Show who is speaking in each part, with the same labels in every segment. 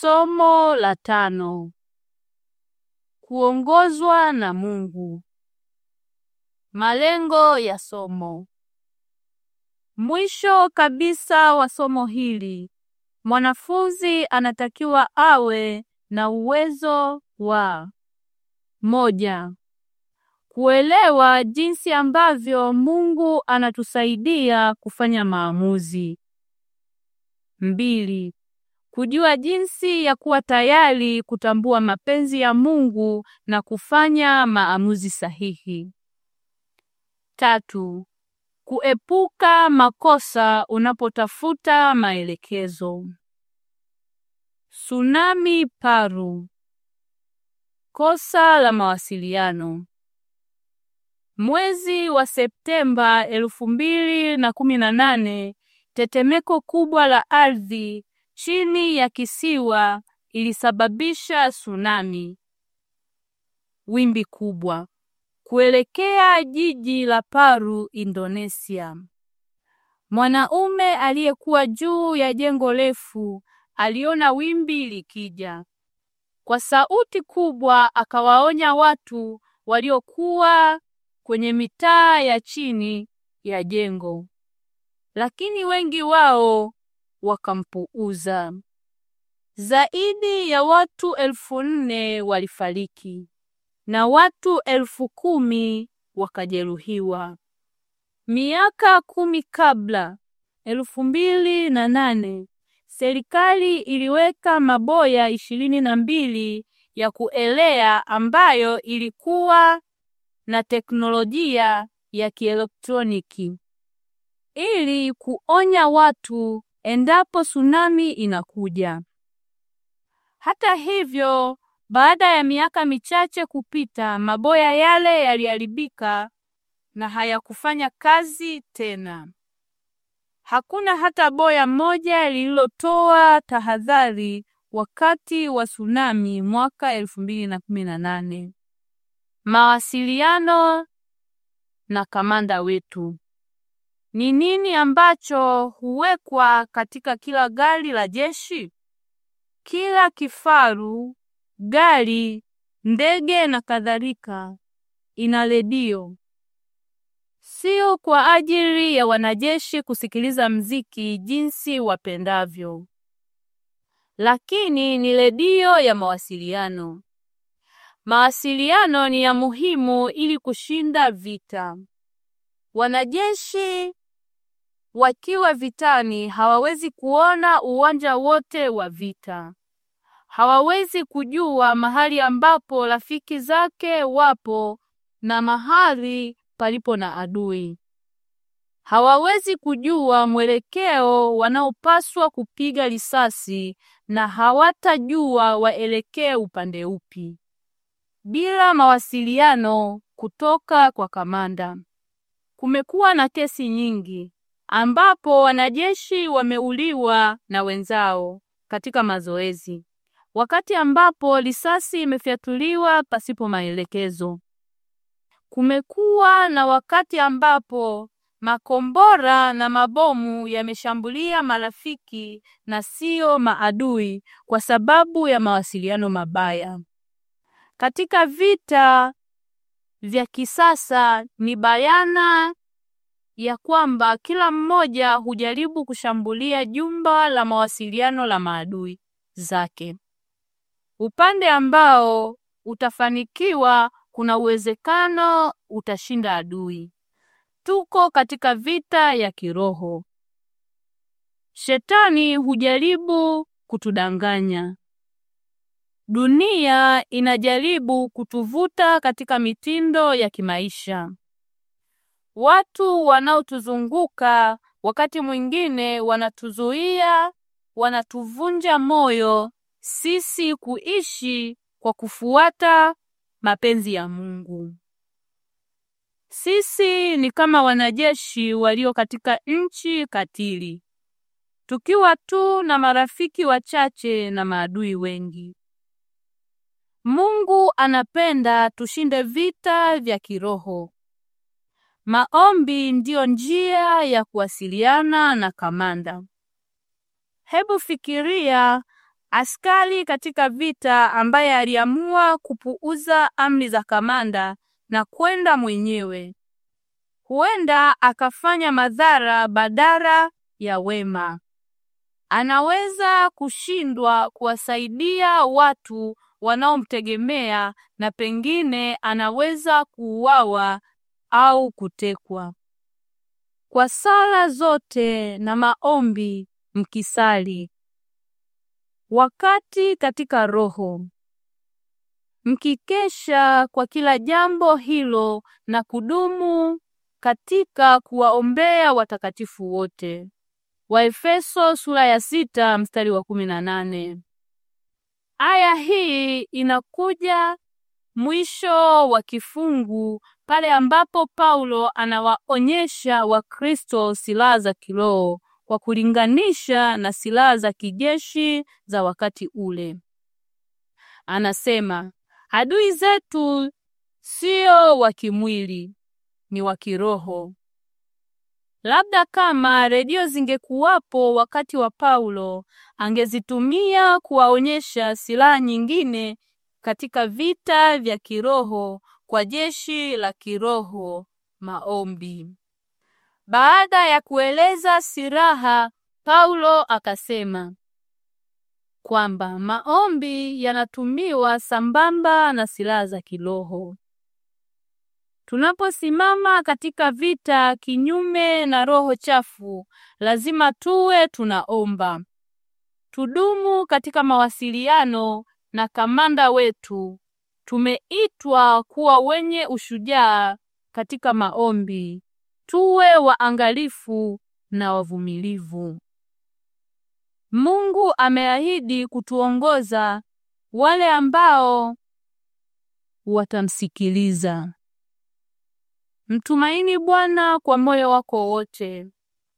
Speaker 1: Somo la tano: kuongozwa na Mungu. Malengo ya somo. Mwisho kabisa wa somo hili, mwanafunzi anatakiwa awe na uwezo wa moja, kuelewa jinsi ambavyo Mungu anatusaidia kufanya maamuzi. Mbili, kujua jinsi ya kuwa tayari kutambua mapenzi ya Mungu na kufanya maamuzi sahihi. Tatu, kuepuka makosa unapotafuta maelekezo. Tsunami Paru. Kosa la mawasiliano. Mwezi wa Septemba elfu mbili na kumi na nane, tetemeko kubwa la ardhi chini ya kisiwa ilisababisha tsunami, wimbi kubwa kuelekea jiji la Palu, Indonesia. Mwanaume aliyekuwa juu ya jengo refu aliona wimbi likija. Kwa sauti kubwa akawaonya watu waliokuwa kwenye mitaa ya chini ya jengo, lakini wengi wao wakampuuza. Zaidi ya watu elfu nne walifariki na watu elfu kumi wakajeruhiwa. Miaka kumi kabla, elfu mbili na nane, serikali iliweka maboya ishirini na mbili ya kuelea ambayo ilikuwa na teknolojia ya kielektroniki ili kuonya watu endapo tsunami inakuja. Hata hivyo, baada ya miaka michache kupita, maboya yale yaliharibika na hayakufanya kazi tena. Hakuna hata boya moja lililotoa tahadhari wakati wa tsunami mwaka elfu mbili na kumi na nane. Mawasiliano na kamanda wetu ni nini ambacho huwekwa katika kila gari la jeshi? Kila kifaru, gari, ndege na kadhalika ina redio, sio kwa ajili ya wanajeshi kusikiliza mziki jinsi wapendavyo, lakini ni redio ya mawasiliano. Mawasiliano ni ya muhimu ili kushinda vita. Wanajeshi Wakiwa vitani hawawezi kuona uwanja wote wa vita. Hawawezi kujua mahali ambapo rafiki zake wapo na mahali palipo na adui. Hawawezi kujua mwelekeo wanaopaswa kupiga risasi na hawatajua waelekee upande upi. Bila mawasiliano kutoka kwa kamanda, kumekuwa na kesi nyingi ambapo wanajeshi wameuliwa na wenzao katika mazoezi, wakati ambapo risasi imefyatuliwa pasipo maelekezo. Kumekuwa na wakati ambapo makombora na mabomu yameshambulia marafiki na sio maadui kwa sababu ya mawasiliano mabaya. Katika vita vya kisasa ni bayana ya kwamba kila mmoja hujaribu kushambulia jumba la mawasiliano la maadui zake. Upande ambao utafanikiwa, kuna uwezekano utashinda adui. Tuko katika vita ya kiroho. Shetani hujaribu kutudanganya. Dunia inajaribu kutuvuta katika mitindo ya kimaisha. Watu wanaotuzunguka wakati mwingine wanatuzuia, wanatuvunja moyo sisi kuishi kwa kufuata mapenzi ya Mungu. Sisi ni kama wanajeshi walio katika nchi katili, tukiwa tu na marafiki wachache na maadui wengi. Mungu anapenda tushinde vita vya kiroho. Maombi ndiyo njia ya kuwasiliana na kamanda. Hebu fikiria askari katika vita ambaye aliamua kupuuza amri za kamanda na kwenda mwenyewe. Huenda akafanya madhara badala ya wema. Anaweza kushindwa kuwasaidia watu wanaomtegemea na pengine anaweza kuuawa au kutekwa. Kwa sala zote na maombi mkisali, wakati katika Roho, mkikesha kwa kila jambo hilo na kudumu katika kuwaombea watakatifu wote. Waefeso sura ya sita mstari wa kumi na nane. Aya hii inakuja mwisho wa kifungu pale ambapo Paulo anawaonyesha Wakristo silaha za kiroho kwa kulinganisha na silaha za kijeshi za wakati ule. Anasema adui zetu sio wa kimwili, ni wa kiroho. Labda kama redio zingekuwapo wakati wa Paulo, angezitumia kuwaonyesha silaha nyingine katika vita vya kiroho kwa jeshi la kiroho maombi. Baada ya kueleza silaha, Paulo akasema kwamba maombi yanatumiwa sambamba na silaha za kiroho. Tunaposimama katika vita kinyume na roho chafu, lazima tuwe tunaomba. Tudumu katika mawasiliano na kamanda wetu, tumeitwa kuwa wenye ushujaa katika maombi, tuwe waangalifu na wavumilivu. Mungu ameahidi kutuongoza wale ambao watamsikiliza. Mtumaini Bwana kwa moyo wako wote,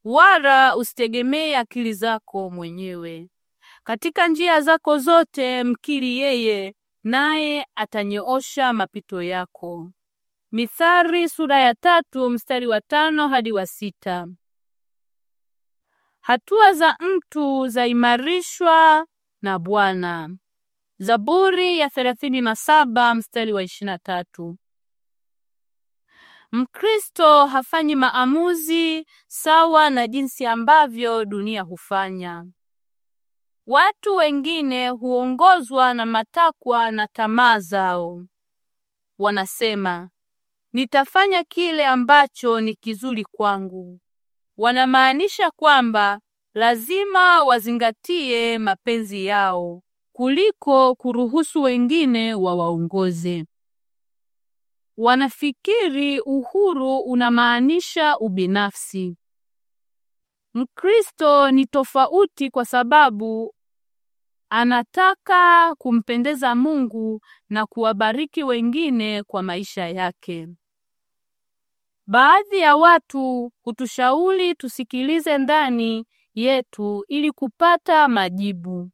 Speaker 1: wala usitegemee akili zako mwenyewe. Katika njia zako zote mkiri yeye, naye atanyoosha mapito yako. Mithali sura ya tatu mstari wa tano hadi wa sita. Hatua za mtu zaimarishwa na Bwana. Zaburi ya 37 mstari wa ishirini tatu. Mkristo hafanyi maamuzi sawa na jinsi ambavyo dunia hufanya. Watu wengine huongozwa na matakwa na tamaa zao. Wanasema, nitafanya kile ambacho ni kizuri kwangu. Wanamaanisha kwamba lazima wazingatie mapenzi yao kuliko kuruhusu wengine wawaongoze. Wanafikiri uhuru unamaanisha ubinafsi. Mkristo ni tofauti kwa sababu anataka kumpendeza Mungu na kuwabariki wengine kwa maisha yake. Baadhi ya watu hutushauri tusikilize ndani yetu ili kupata majibu.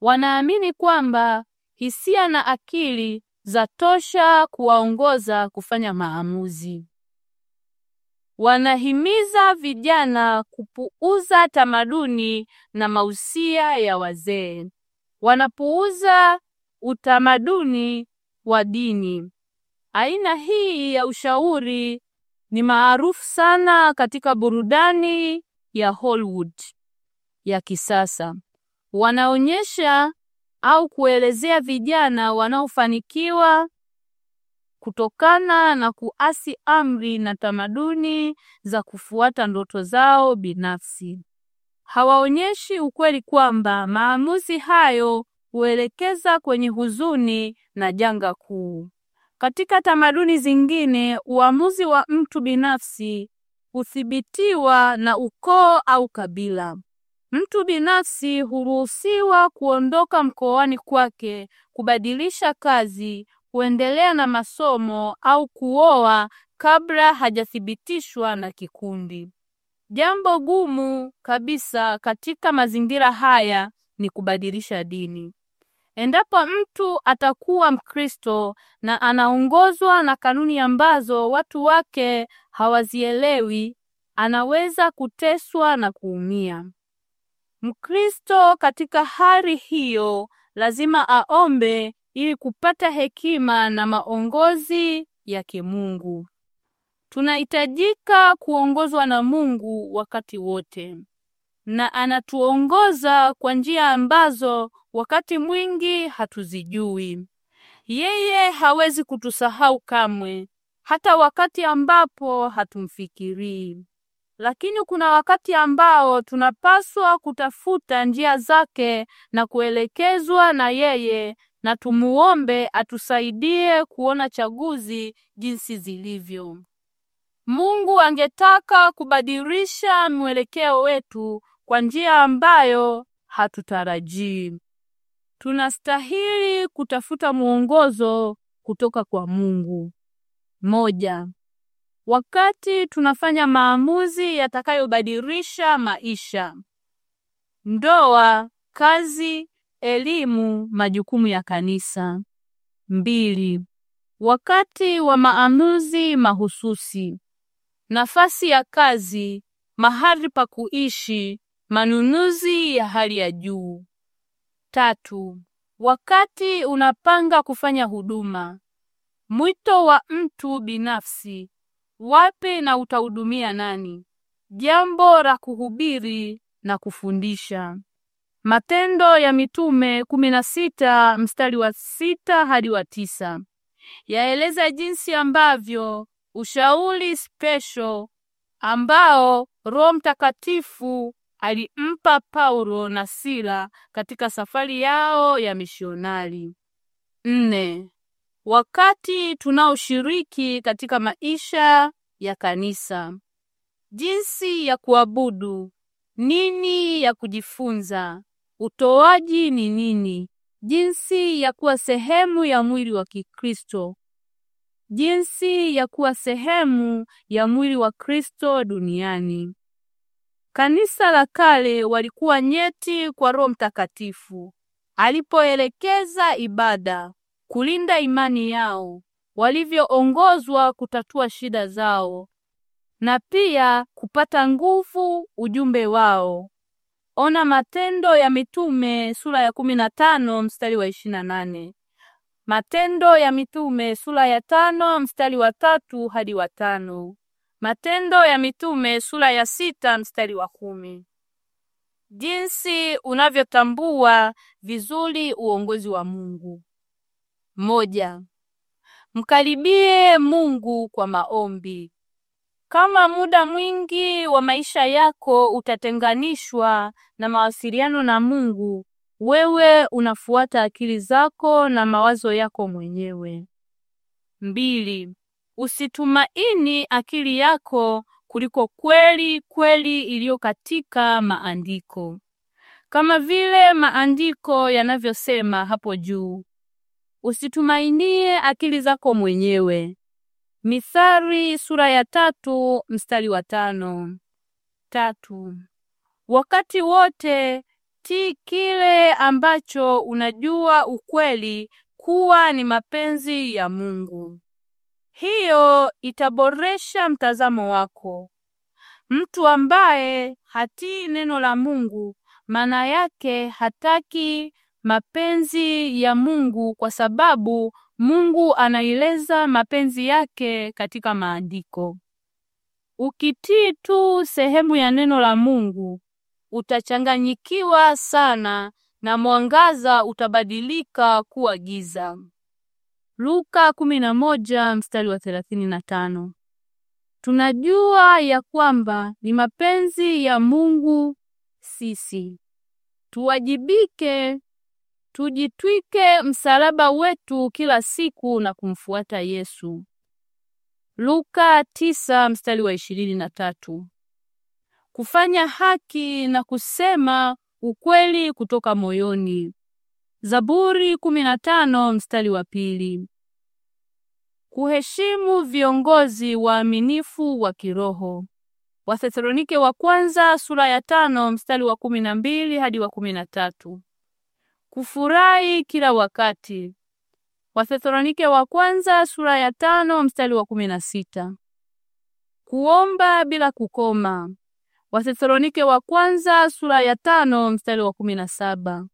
Speaker 1: Wanaamini kwamba hisia na akili zatosha kuwaongoza kufanya maamuzi wanahimiza vijana kupuuza tamaduni na mausia ya wazee. Wanapuuza utamaduni wa dini. Aina hii ya ushauri ni maarufu sana katika burudani ya Hollywood ya kisasa. Wanaonyesha au kuelezea vijana wanaofanikiwa kutokana na kuasi amri na tamaduni za kufuata ndoto zao binafsi. Hawaonyeshi ukweli kwamba maamuzi hayo huelekeza kwenye huzuni na janga kuu. Katika tamaduni zingine, uamuzi wa mtu binafsi huthibitiwa na ukoo au kabila. Mtu binafsi huruhusiwa kuondoka mkoani kwake, kubadilisha kazi kuendelea na masomo au kuoa kabla hajathibitishwa na kikundi. Jambo gumu kabisa katika mazingira haya ni kubadilisha dini. Endapo mtu atakuwa Mkristo na anaongozwa na kanuni ambazo watu wake hawazielewi, anaweza kuteswa na kuumia. Mkristo katika hali hiyo lazima aombe ili kupata hekima na maongozi ya kimungu. Tunahitajika kuongozwa na Mungu wakati wote, na anatuongoza kwa njia ambazo wakati mwingi hatuzijui. Yeye hawezi kutusahau kamwe, hata wakati ambapo hatumfikirii. Lakini kuna wakati ambao tunapaswa kutafuta njia zake na kuelekezwa na yeye na tumuombe atusaidie kuona chaguzi jinsi zilivyo. Mungu angetaka kubadilisha mwelekeo wetu kwa njia ambayo hatutarajii. Tunastahili kutafuta mwongozo kutoka kwa Mungu. Moja, wakati tunafanya maamuzi yatakayobadilisha maisha, ndoa, kazi Elimu, majukumu ya kanisa. Mbili, wakati wa maamuzi mahususi, nafasi ya kazi, mahali pa kuishi, manunuzi ya hali ya juu. Tatu, wakati unapanga kufanya huduma, mwito wa mtu binafsi, wapi na utahudumia nani, jambo la kuhubiri na kufundisha. Matendo ya Mitume 16 sita mstari wa sita hadi wa tisa yaeleza jinsi ambavyo ushauri special ambao Roho Mtakatifu alimpa Paulo na Sila katika safari yao ya misionari. Nne, wakati tunaoshiriki katika maisha ya kanisa, jinsi ya kuabudu, nini ya kujifunza, Utoaji ni nini? Jinsi ya kuwa sehemu ya mwili wa Kikristo. Jinsi ya kuwa sehemu ya mwili wa Kristo duniani. Kanisa la kale walikuwa nyeti kwa Roho Mtakatifu alipoelekeza ibada, kulinda imani yao, walivyoongozwa kutatua shida zao na pia kupata nguvu ujumbe wao. Ona Matendo ya Mitume sura ya kumi na tano mstari wa ishirini na nane Matendo ya Mitume sura ya tano mstari wa tatu hadi wa tano Matendo ya Mitume sura ya sita mstari wa kumi Jinsi unavyotambua vizuri uongozi wa Mungu. Moja, mkaribie Mungu kwa maombi. Kama muda mwingi wa maisha yako utatenganishwa na mawasiliano na Mungu, wewe unafuata akili zako na mawazo yako mwenyewe. Mbili, usitumaini akili yako kuliko kweli kweli iliyo katika maandiko, kama vile maandiko yanavyosema hapo juu, usitumainie akili zako mwenyewe Mithali sura ya tatu mstari wa tano. Tatu. Wakati wote tii kile ambacho unajua ukweli kuwa ni mapenzi ya Mungu. Hiyo itaboresha mtazamo wako. Mtu ambaye hatii neno la Mungu, maana yake hataki mapenzi ya Mungu kwa sababu Mungu anaeleza mapenzi yake katika maandiko. Ukitii tu sehemu ya neno la Mungu, utachanganyikiwa sana na mwangaza utabadilika kuwa giza. Luka 11 mstari wa 35. Tunajua ya kwamba ni mapenzi ya Mungu sisi tuwajibike tujitwike msalaba wetu kila siku na kumfuata Yesu. Luka tisa mstari wa ishirini na tatu. Kufanya haki na kusema ukweli kutoka moyoni. Zaburi kumi na tano mstari wa pili. Kuheshimu viongozi waaminifu wa kiroho. Wathesalonike wa kwanza sura ya tano mstari wa kumi na mbili hadi wa kumi na tatu kufurahi kila wakati. Wathesalonike wa kwanza sura ya tano mstari wa kumi na sita. Kuomba bila kukoma. Wathesalonike wa kwanza sura ya tano mstari wa kumi na saba.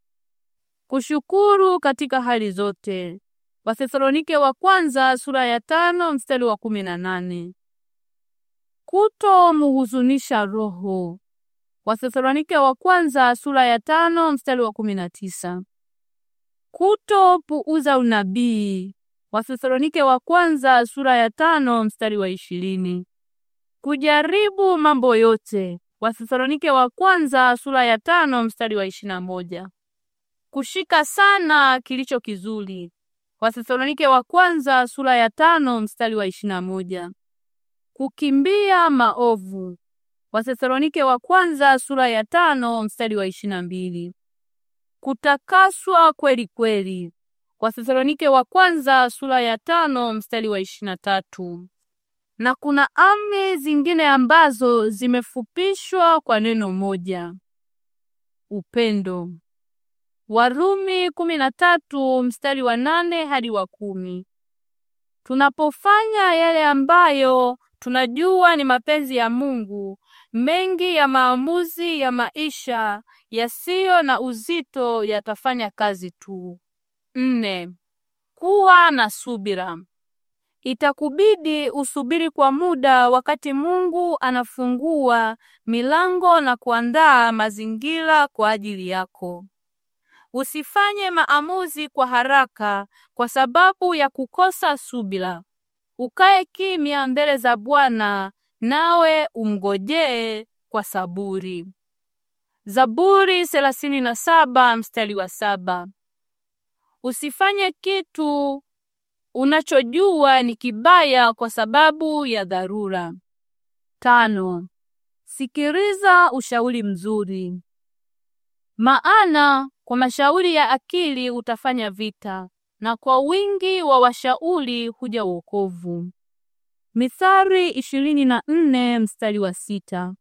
Speaker 1: Kushukuru katika hali zote. Wathesalonike wa kwanza sura ya tano mstari wa kumi na nane. Kuto muhuzunisha roho. Wathesalonike wa kwanza sura ya tano mstari wa kumi na tisa kutopuuza unabii. Wathesalonike wa kwanza sura ya tano mstari wa ishirini. Kujaribu mambo yote. Wathesalonike wa kwanza sura ya tano mstari wa ishirini na moja. Kushika sana kilicho kizuri. Wathesalonike wa kwanza sura ya tano mstari wa ishirini na moja. Kukimbia maovu. Wathesalonike wa kwanza sura ya tano mstari wa ishirini na mbili kutakaswa kweli kweli. Kwa Wathesalonike wa kwanza sura ya tano mstari wa ishirini na tatu. Na kuna amri zingine ambazo zimefupishwa kwa neno moja, upendo. Warumi kumi na tatu mstari wa nane hadi wa kumi. Tunapofanya yale ambayo tunajua ni mapenzi ya Mungu, mengi ya maamuzi ya maisha yasiyo na uzito yatafanya kazi tu. Nne, kuwa na subira. Itakubidi usubiri kwa muda wakati Mungu anafungua milango na kuandaa mazingira kwa ajili yako. Usifanye maamuzi kwa haraka kwa sababu ya kukosa subira. Ukae kimya mbele za Bwana nawe umgojee kwa saburi. Zaburi 37 mstari wa saba. Usifanye kitu unachojua ni kibaya kwa sababu ya dharura. Tano, Sikiriza ushauri mzuri, maana kwa mashauri ya akili utafanya vita, na kwa wingi wa washauri huja wokovu. Mithali 24 mstari wa sita.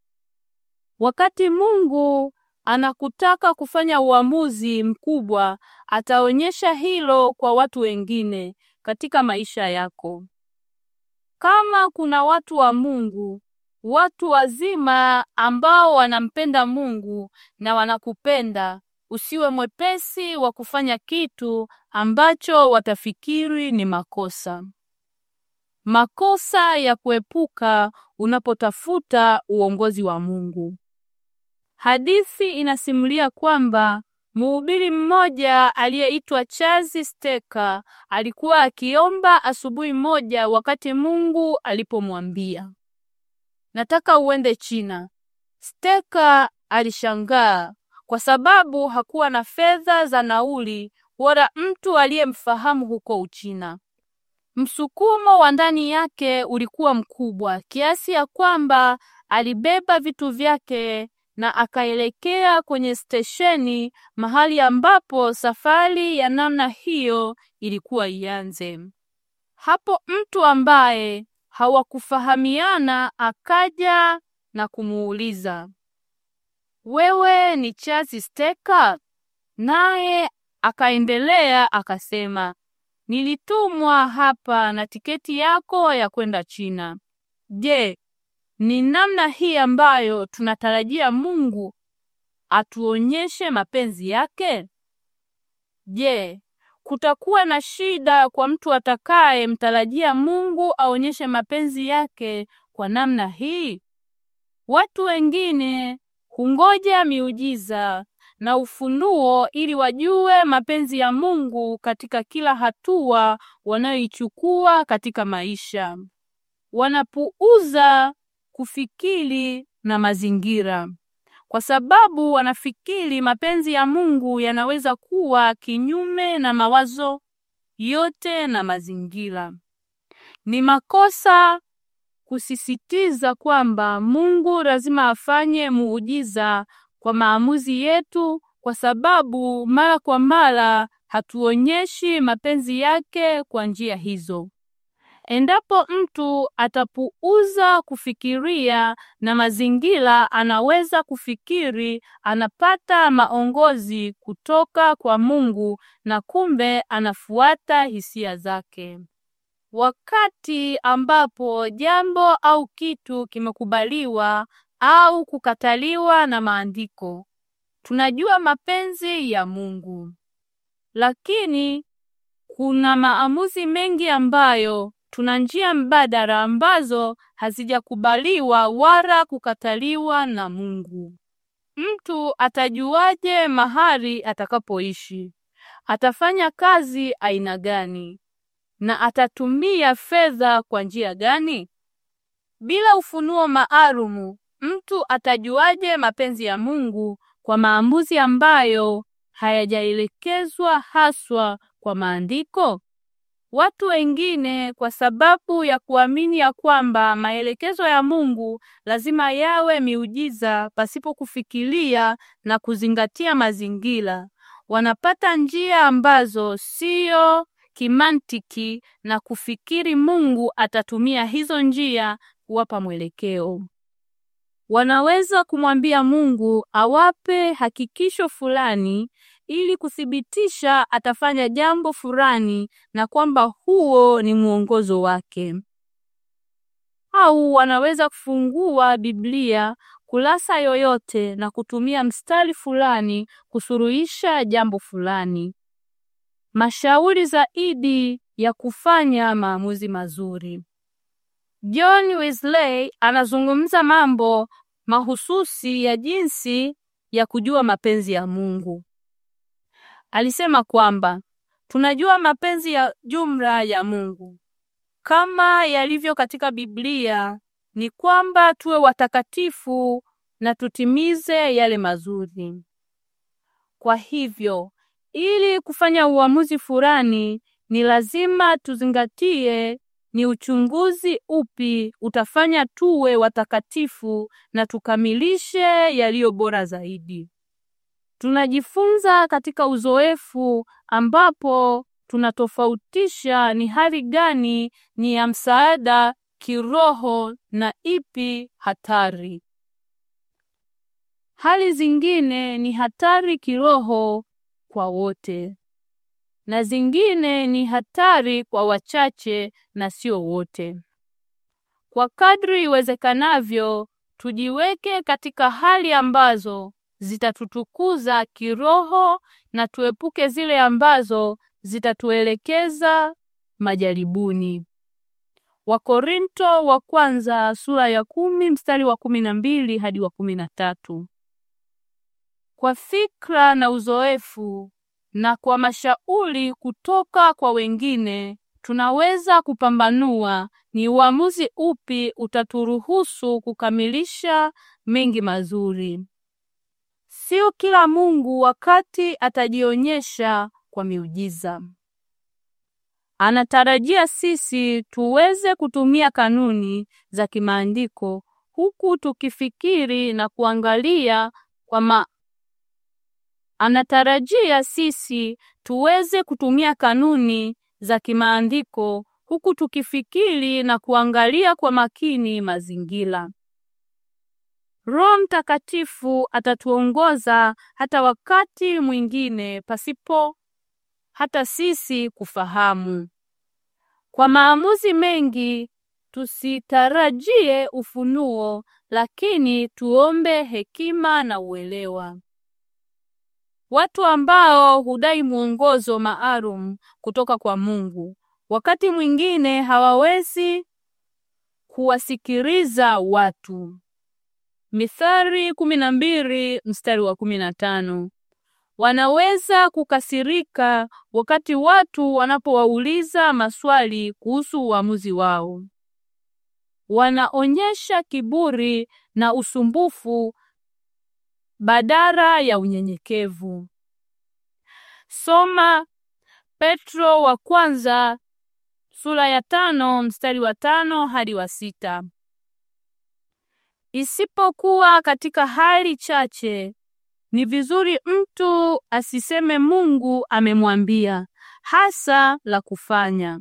Speaker 1: Wakati Mungu anakutaka kufanya uamuzi mkubwa, ataonyesha hilo kwa watu wengine katika maisha yako. Kama kuna watu wa Mungu, watu wazima ambao wanampenda Mungu na wanakupenda, usiwe mwepesi wa kufanya kitu ambacho watafikiri ni makosa. Makosa ya kuepuka unapotafuta uongozi wa Mungu. Hadithi inasimulia kwamba mhubiri mmoja aliyeitwa Charles steka alikuwa akiomba asubuhi moja wakati Mungu alipomwambia, nataka uende China. steka alishangaa kwa sababu hakuwa na fedha za nauli wala mtu aliyemfahamu huko Uchina. Msukumo wa ndani yake ulikuwa mkubwa kiasi ya kwamba alibeba vitu vyake na akaelekea kwenye stesheni, mahali ambapo safari ya namna hiyo ilikuwa ianze. Hapo mtu ambaye hawakufahamiana akaja na kumuuliza, wewe ni Chazi Steka? Naye akaendelea akasema, nilitumwa hapa na tiketi yako ya kwenda China. Je, ni namna hii ambayo tunatarajia Mungu atuonyeshe mapenzi yake? Je, kutakuwa na shida kwa mtu atakaye mtarajia Mungu aonyeshe mapenzi yake kwa namna hii? Watu wengine hungoja miujiza na ufunuo ili wajue mapenzi ya Mungu katika kila hatua wanayoichukua katika maisha. Wanapuuza kufikiri na mazingira, kwa sababu wanafikiri mapenzi ya Mungu yanaweza kuwa kinyume na mawazo yote na mazingira. Ni makosa kusisitiza kwamba Mungu lazima afanye muujiza kwa maamuzi yetu, kwa sababu mara kwa mara hatuonyeshi mapenzi yake kwa njia hizo. Endapo mtu atapuuza kufikiria na mazingira, anaweza kufikiri anapata maongozi kutoka kwa Mungu na kumbe anafuata hisia zake. Wakati ambapo jambo au kitu kimekubaliwa au kukataliwa na maandiko, tunajua mapenzi ya Mungu. Lakini kuna maamuzi mengi ambayo tuna njia mbadala ambazo hazijakubaliwa wala kukataliwa na Mungu. Mtu atajuaje mahali atakapoishi? Atafanya kazi aina gani? Na atatumia fedha kwa njia gani? Bila ufunuo maalumu, mtu atajuaje mapenzi ya Mungu kwa maamuzi ambayo hayajaelekezwa haswa kwa maandiko? Watu wengine kwa sababu ya kuamini ya kwamba maelekezo ya Mungu lazima yawe miujiza pasipo kufikiria na kuzingatia mazingira, wanapata njia ambazo sio kimantiki na kufikiri Mungu atatumia hizo njia kuwapa mwelekeo. Wanaweza kumwambia Mungu awape hakikisho fulani ili kuthibitisha atafanya jambo fulani na kwamba huo ni mwongozo wake. Au wanaweza kufungua Biblia kurasa yoyote na kutumia mstari fulani kusuluhisha jambo fulani. Mashauri zaidi ya kufanya maamuzi mazuri. John Wesley anazungumza mambo mahususi ya jinsi ya kujua mapenzi ya Mungu alisema kwamba tunajua mapenzi ya jumla ya Mungu kama yalivyo katika Biblia ni kwamba tuwe watakatifu na tutimize yale mazuri. Kwa hivyo, ili kufanya uamuzi fulani, ni lazima tuzingatie ni uchunguzi upi utafanya tuwe watakatifu na tukamilishe yaliyo bora zaidi. Tunajifunza katika uzoefu ambapo tunatofautisha ni hali gani ni ya msaada kiroho na ipi hatari. Hali zingine ni hatari kiroho kwa wote na zingine ni hatari kwa wachache na sio wote. Kwa kadri iwezekanavyo, tujiweke katika hali ambazo zitatutukuza kiroho na tuepuke zile ambazo zitatuelekeza majaribuni. Wakorinto wa kwanza sura ya kumi mstari wa kumi na mbili hadi wa kumi na tatu. Kwa fikra na uzoefu na kwa mashauri kutoka kwa wengine tunaweza kupambanua ni uamuzi upi utaturuhusu kukamilisha mengi mazuri. Sio kila Mungu wakati atajionyesha kwa miujiza. Anatarajia sisi tuweze kutumia kanuni za kimaandiko huku tukifikiri na kuangalia kwa ma... Anatarajia sisi tuweze kutumia kanuni za kimaandiko huku tukifikiri na kuangalia kwa makini mazingira. Roho Mtakatifu atatuongoza hata wakati mwingine pasipo hata sisi kufahamu. Kwa maamuzi mengi tusitarajie ufunuo, lakini tuombe hekima na uelewa. Watu ambao hudai mwongozo maalum kutoka kwa Mungu wakati mwingine hawawezi kuwasikiliza watu. Mithali 12 mstari wa 15. Wanaweza kukasirika wakati watu wanapowauliza maswali kuhusu uamuzi wao. Wanaonyesha kiburi na usumbufu badala ya unyenyekevu. Soma Petro wa kwanza sura ya tano mstari wa tano hadi wa sita. Isipokuwa katika hali chache ni vizuri mtu asiseme Mungu amemwambia hasa la kufanya.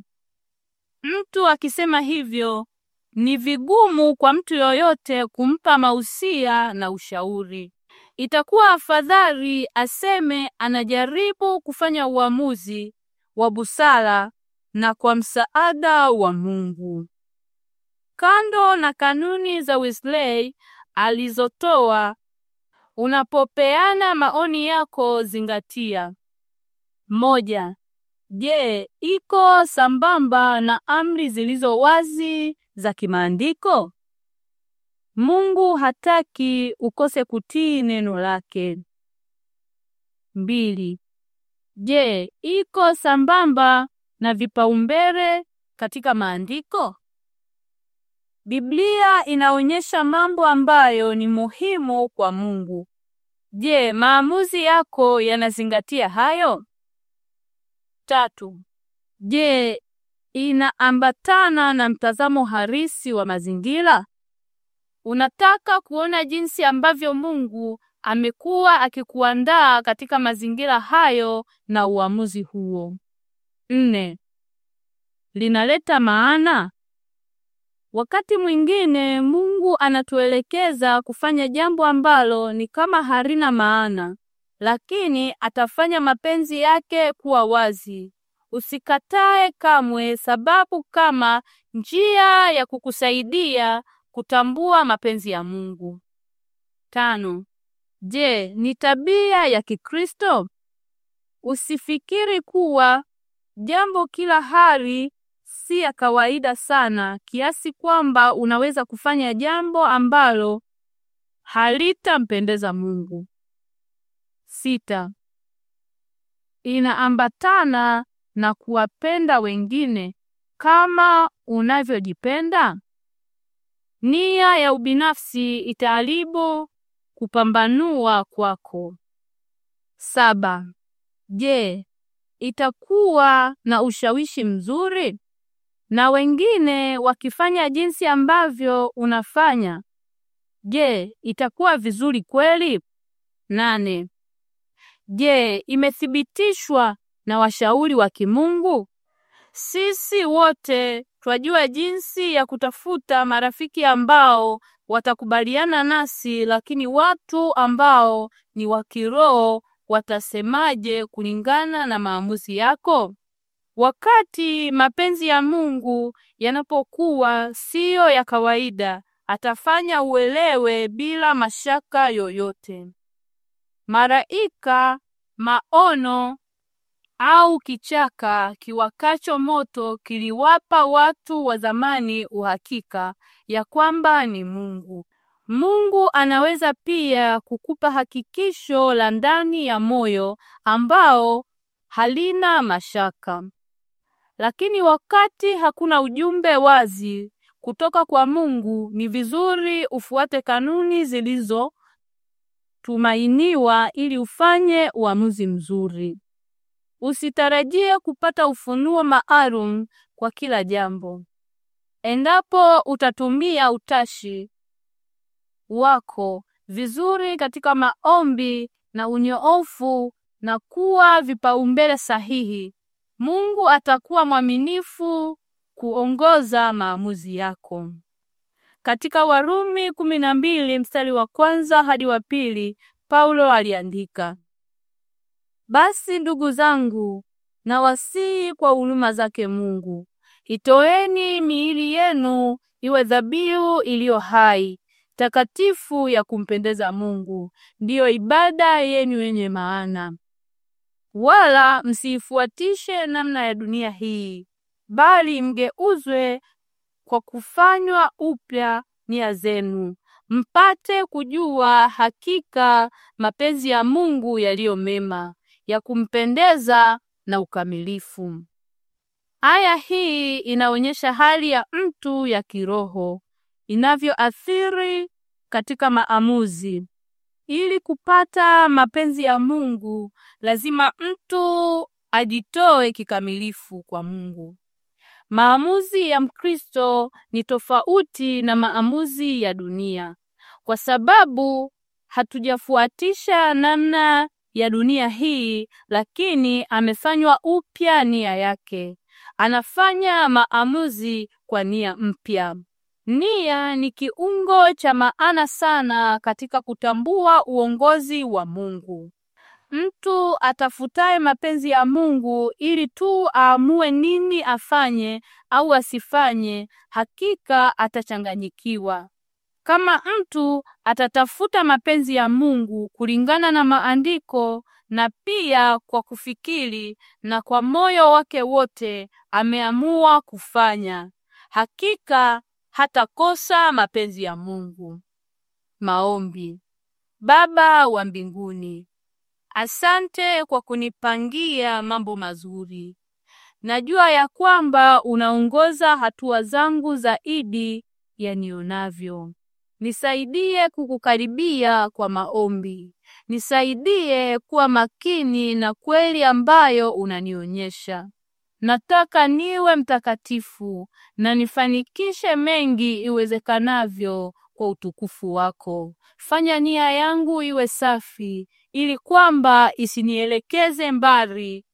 Speaker 1: Mtu akisema hivyo ni vigumu kwa mtu yoyote kumpa mausia na ushauri. Itakuwa afadhali aseme anajaribu kufanya uamuzi wa busara na kwa msaada wa Mungu kando na kanuni za Wesley alizotoa. Unapopeana maoni yako zingatia: moja. Je, iko sambamba na amri zilizo wazi za kimaandiko? Mungu hataki ukose kutii neno lake. Mbili. Je, iko sambamba na vipaumbele katika maandiko? Biblia inaonyesha mambo ambayo ni muhimu kwa Mungu. Je, maamuzi yako yanazingatia hayo? Tatu. Je, inaambatana na mtazamo harisi wa mazingira? Unataka kuona jinsi ambavyo Mungu amekuwa akikuandaa katika mazingira hayo na uamuzi huo. Nne. Linaleta maana? Wakati mwingine Mungu anatuelekeza kufanya jambo ambalo ni kama halina maana, lakini atafanya mapenzi yake kuwa wazi. Usikatae kamwe sababu kama njia ya kukusaidia kutambua mapenzi ya Mungu. Tano. Je, ni tabia ya Kikristo? Usifikiri kuwa jambo kila hali si ya kawaida sana kiasi kwamba unaweza kufanya jambo ambalo halitampendeza Mungu. Sita, inaambatana na kuwapenda wengine kama unavyojipenda. Nia ya ubinafsi itaharibu kupambanua kwako. Saba, je, itakuwa na ushawishi mzuri? na wengine wakifanya jinsi ambavyo unafanya, je, itakuwa vizuri kweli? Nane. Je, imethibitishwa na washauri wa kimungu? Sisi wote twajua jinsi ya kutafuta marafiki ambao watakubaliana nasi, lakini watu ambao ni wa kiroho watasemaje kulingana na maamuzi yako? Wakati mapenzi ya Mungu yanapokuwa siyo ya kawaida, atafanya uelewe bila mashaka yoyote. Maraika, maono au kichaka kiwakacho moto kiliwapa watu wa zamani uhakika ya kwamba ni Mungu. Mungu anaweza pia kukupa hakikisho la ndani ya moyo ambao halina mashaka. Lakini wakati hakuna ujumbe wazi kutoka kwa Mungu, ni vizuri ufuate kanuni zilizotumainiwa ili ufanye uamuzi mzuri. Usitarajie kupata ufunuo maalum kwa kila jambo. Endapo utatumia utashi wako vizuri katika maombi na unyoofu na kuwa vipaumbele sahihi, Mungu atakuwa mwaminifu kuongoza maamuzi yako. Katika Warumi 12 mstari wa kwanza hadi wa pili Paulo aliandika, basi ndugu zangu, nawasihi kwa huruma zake Mungu, itoeni miili yenu iwe dhabihu iliyo hai takatifu ya kumpendeza Mungu, ndiyo ibada yenu yenye maana wala msiifuatishe namna ya dunia hii, bali mgeuzwe kwa kufanywa upya nia zenu, mpate kujua hakika mapenzi ya Mungu yaliyo mema, ya kumpendeza na ukamilifu. Aya hii inaonyesha hali ya mtu ya kiroho inavyoathiri katika maamuzi. Ili kupata mapenzi ya Mungu lazima mtu ajitoe kikamilifu kwa Mungu. Maamuzi ya Mkristo ni tofauti na maamuzi ya dunia kwa sababu hatujafuatisha namna ya dunia hii, lakini amefanywa upya nia yake. Anafanya maamuzi kwa nia mpya. Nia ni kiungo cha maana sana katika kutambua uongozi wa Mungu. Mtu atafutaye mapenzi ya Mungu ili tu aamue nini afanye au asifanye, hakika atachanganyikiwa. Kama mtu atatafuta mapenzi ya Mungu kulingana na maandiko na pia kwa kufikiri na kwa moyo wake wote ameamua kufanya, hakika hatakosa mapenzi ya Mungu. Maombi. Baba wa mbinguni, asante kwa kunipangia mambo mazuri. Najua ya kwamba unaongoza hatua zangu zaidi ya nionavyo. Nisaidie kukukaribia kwa maombi. Nisaidie kuwa makini na kweli ambayo unanionyesha. Nataka niwe mtakatifu na nifanikishe mengi iwezekanavyo kwa utukufu wako. Fanya nia yangu iwe safi, ili kwamba isinielekeze mbali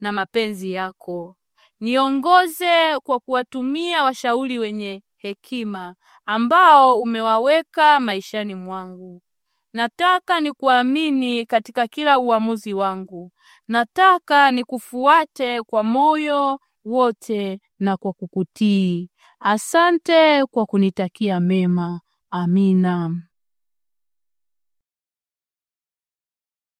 Speaker 1: na mapenzi yako. Niongoze kwa kuwatumia washauri wenye hekima ambao umewaweka maishani mwangu. Nataka nikuamini katika kila uamuzi wangu Nataka nikufuate kwa moyo wote na kwa kukutii. Asante kwa kunitakia mema. Amina.